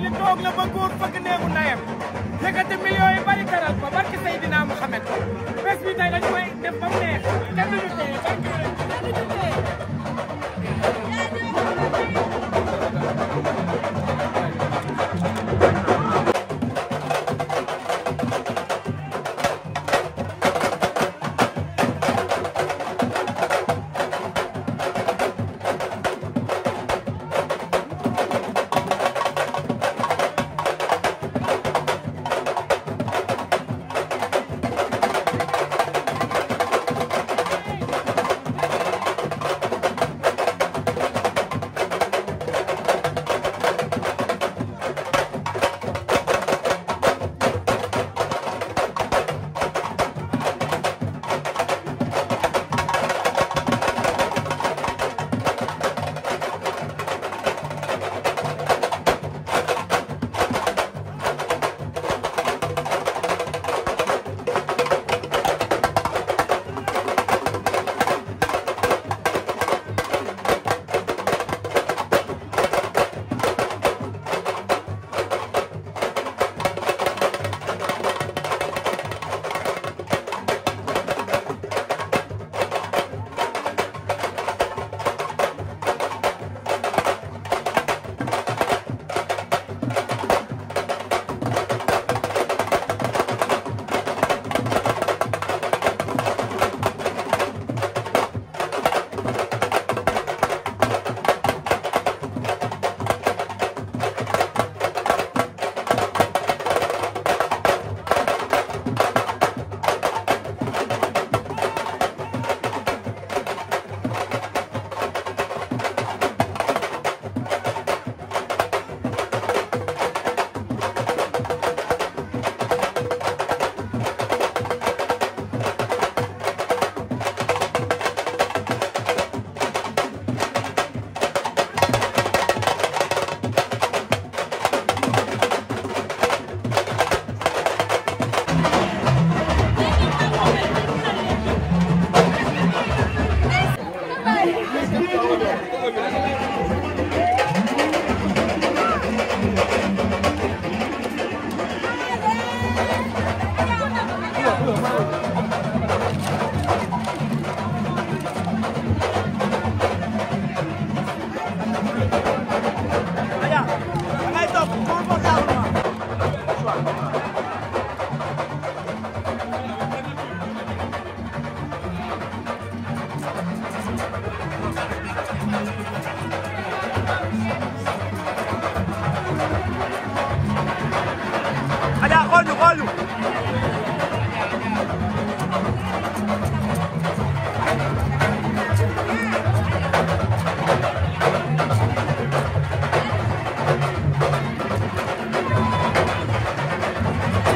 di toog la ba góor bëgg néegu ndayam yëkkati millions yi bari taral ko barke Seydina Mouhamed bés bi tey dañu koy def ba mu neex kenn duñu tee barke